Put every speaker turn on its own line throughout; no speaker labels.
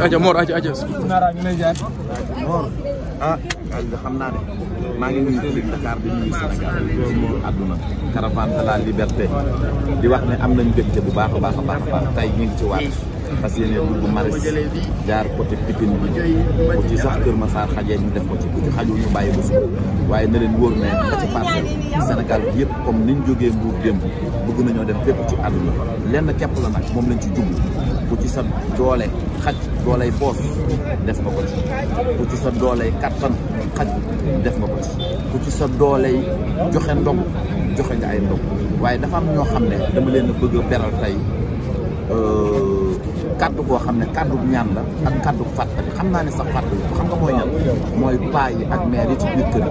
aja Mor aja aja. Nara ñu lay jaar. Mor ah xam naa ne maa ngi nuyu fii Dakar di nuyu Sénégal di nuyu àdduna caravane de la liberté di wax ne am nañu mbégte bu baax a baax a baax a baax tey ñu ngi ci waat. fas yéene dugg maris jaar côté Pikine bi bu ci sax Kër Massar xajee ñu def ko ci bu ci xajul ñu bàyyi ko si waaye na leen wóor ne ba ci parcelle Sénégal bi yëpp comme niñ jógee Mbuur démb bëgg nañoo dem fépp ci àdduna lenn képp la nag moom lañ ci jublu ku ci sa doole xaj dooley poos def nga ko ci bu ci sa dooley kattan xaj def nga ko ci bu ci sa dooley joxe ndog joxe nga ay ndog waaye dafa am ñoo xam ne dama leen bëgg peral beral tey euh, kaddu goo xam ne bu ñaan la ak kaddu fàttali xam naa ne sax fàttali xam nga mooy ñan mooy paa yi ak maire yi ci biir kër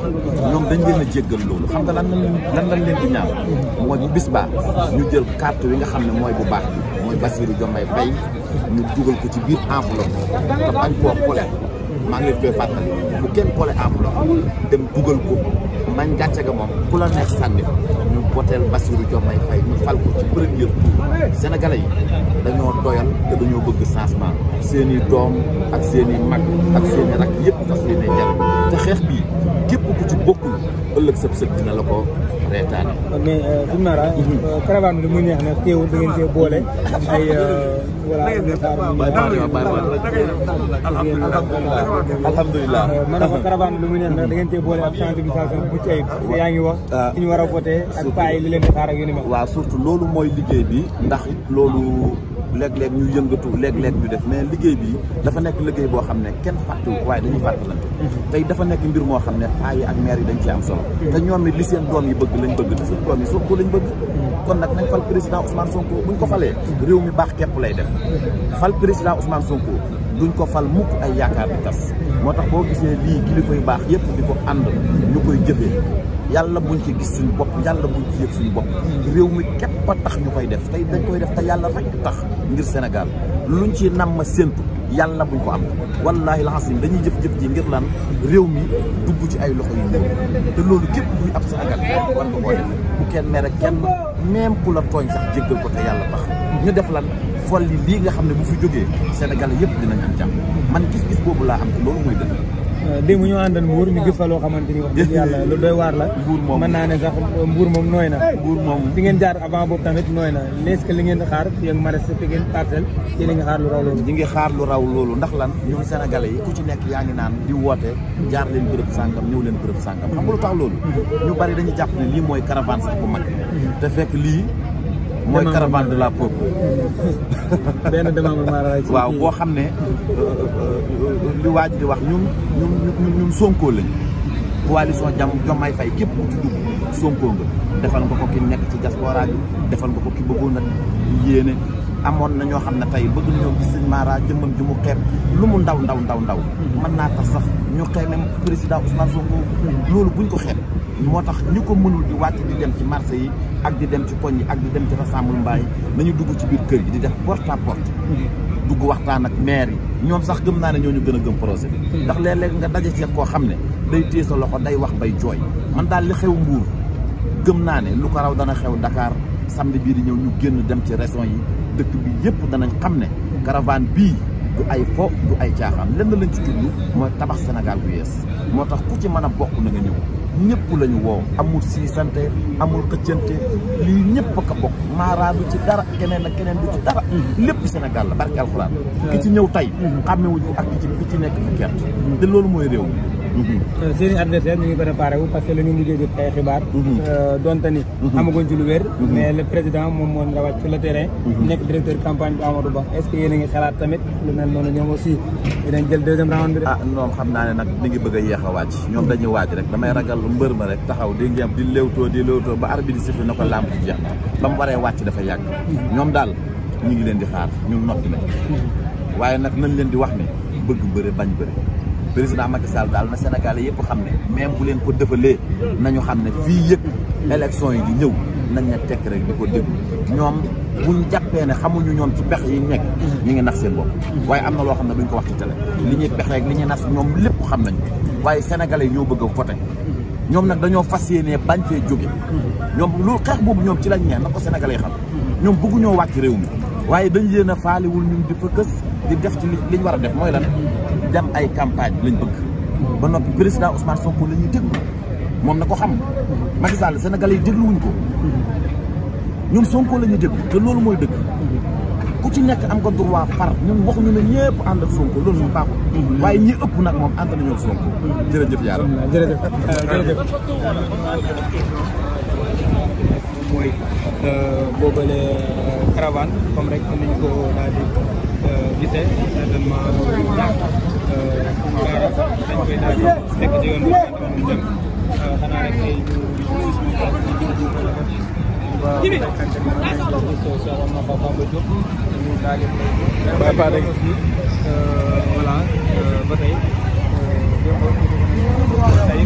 ñoom dañ leen a jéggal loolu xam nga lan lan lan leen di ñaan mooy bu bis baax ñu jël carte yi nga xam ne mooy bu baax bi mooy Bassirou Diomaye bay ñu jugal ko ci biir enveloppe te bañ koo polet maa ngi leen koy fàttali bu kenn boole amul dem dugal ko man gàcce ga moom ku la nekk sànni ñu boteel Bassirou Diomaye Faye ñu fal ko ci premier tour sénégalais yi dañoo doyal te dañoo bëgg changement seen i doom ak seen i mag ak seen i rakk yëpp fas yéene te xeex bi képp ku ci bokkul ëllëg sëb sëb dina la ko reetaane. mais Boun Mara. caravane bi li mu neex nag teewul da ngeen cee boole ay voilà. alhamdulilah man ko caravane bi li mu neex nag da ngeen cee boole ak sensibilisation bu ci ayib. yaa ngi wax. waaw ñu war a voté ak paa yi li leen di xaar ak yu ni mel. waaw surtout loolu mooy liggéey bi ndax loolu. léeg-léeg ñu yëngatu léeg-léeg ñu def mais liggéey bi dafa nekk liggéey boo xam ne kenn fàttewu waaye dañuy fàttalante mhm. tey dafa nekk mbir moo xam ne paa ak maire yi dañ ci am solo mhm. te ñoom it li seen doom yi bëgg lañ bëgg te seen doom yi Sonko lañ bëgg mhm. kon nag nañ fal président Ousmane Sonko buñ ko falee réew mi baax képp lay def fal président Ousmane Sonko duñ ko fal mukk ay yaakaar bi tas moo tax boo gisee lii kilifa yu baax yëpp di ko ànd ñu koy jëfee yàlla bu buñ ci gis suñu bopp yàlla buñ ci yëg suñu bopp réew mi képp a tax ñu koy def tey dañ koy def te yàlla rek tax ngir Sénégal luñ ci namm séntu yàlla buñ ko am wallaahi laxasim dañuy jëf-jëf ji ngir lan réew mi dugg ci ay loxo yu néew te loolu képp kuy ab Sénégal war nga koo def bu kenn mere kenn même ku la tooñ sax jéggal ko te yàlla tax ñu def lan fol folli lii nga xam ne bu fi jógee Sénégal yëpp dinañ am jàmm man gis-gis laa am te loolu mooy Euh, démb ñoo àndal mbuur ñu gis fa loo xamante ni wax dëgg yàlla lu doy waar la mbuur moom mën naa ne sax mbuur moom nooy na mbuur moom fi ngeen jaar avant boobu tamit nooy na est li ngeen xaar fi ak mares fi ngeen parcelle ci li ngi xaar lu raw loolu ndax lan ñoom sénégalais yi ku ci nekk yaa ngi naan di woote jaar leen bërëb sàngam ñëw leen bërëb sàngam xam nga lu tax loolu mm-hmm. ñu bari dañu jàpp ne lii mooy caravane sax bu mag mm-hmm. te fekk lii mooy caravane de la pop benn waaw boo xam ne euh, euh, euh, li waaj di wax ñun ñun ñun ñun Sonko jam Diomaye fay képp ku ci defal nga ko ki nekk ci diaspora bi defal nga ko ki bëggoon a yéene amoon na ñoo xam ne tey bëgg nañoo gis sëñ Mara jëmmam ji mu lu mu ndaw ndaw ndaw ndaw mën naa tax sax ñu xeeme président Ousmane Sonko loolu buñ ko xeeb moo tax ñu ko mënul di wàcc di dem ci marché yi ak di dem ci poñ yi ak di dem ci rassemblement mbaay nañu dugg ci biir kër yi di def porte à porte dugg waxtaan ak maire yi ñoom sax gëm naa ne ñoo ñu gën a gëm projet bi ndax léeg-léeg nga daje ci koo xam ne day téye sa loxo day wax bay jooy man daal li xew mbuur gëm naa ne lu ko raw dana xew Dakar samedi bii di ñëw ñu génn dem ci région yi dëkk bi yëpp danañ xam ne caravane bii du ay fo du ay caaxaan lenn lañ ci jublu mooy tabax Sénégal bu yees moo tax ku ci mën a bokk na nga ñëpp la ñu woo amul siisante amul xëccante lii ñëpp a ko bokk Mara du ci dara keneen ak keneen du ci dara mm-hmm. lépp Sénégal la barke alxuraan mm-hmm. ki ci ñëw tey mm-hmm. xàmmewuñu ak ki ci ki ci nekk bu gerte te loolu mooy réew Mm-hmm. Euh, seen i adversaire ngi préparé wu parce que la ñu mujjee jot ay xibaar mm-hmm. euh, donte ni mm-hmm. amaguñ moom moo nga wàcc sur le nekk directeur campagne bu Amadou ngi xalaat tamit lu mel noonu ñoom aussi dinañ jël deuxième round bi ah, xam naa ne nag li ngi a yéex a wàcc ñoom dañuy waaj rek damay ragal mbër ma rek taxaw di ngeem di léewtoo di léewtoo ba arbitre siffle na ko làmb ci jeex ba mu waree wàcc dafa yàgg ñoom daal ñu ngi leen di xaar ñun noppi nañ waaye nag nañ leen di wax ne bëgg bëre bañ bëre président Macky Sall daal na Sénégalais yëpp xam ne même bu leen ko dëfalee nañu xam ne fii yëpp élection yi di ñëw nañ ne tekk rek di ko déglu ñoom buñ jàppee ne xamuñu ñoom ci pex yi nekk ñi ngi nax seen bopp waaye am na loo xam ne duñ ko wax ci télé li ñuy pex rek li ñuy nas ñoom lépp xam nañu waaye sénégalais yi ñoo bëgg a voté ñoom nag dañoo fas yéenee bañ fee jóge ñoom loolu xeex boobu ñoom ci lañ ñeen na ko sénégalais yi xam ñoom bëgguñoo wàcc réew mi waaye dañ leen a faaliwul ñun di fëkkës di def ci li liñ war a def mooy lan dem ay campagne lañ bëgg ba noppi président Ousmane Sonko la ñuy déglu moom na ko xam Macky Sall Sénégalais yi dégluwuñ ko ñun Sonko la ñuy te loolu mooy dëgg ku ci nekk am nga droit par ñoom waxuñu ne ñëpp ànd ak Sonko loolu ñu baaxul. waaye ñi ëpp nag moom ànd nañoo ak Sonko. jërëjëf yàlla jërëjëf jërëjëf. mooy boobale caravane comme rek niñ ko daal di gisee certainement ñàkk baara dañ koy daal di nekk ci yoon bi ñu dem xanaa rek tey ñu ñu ba rek voilà ba tey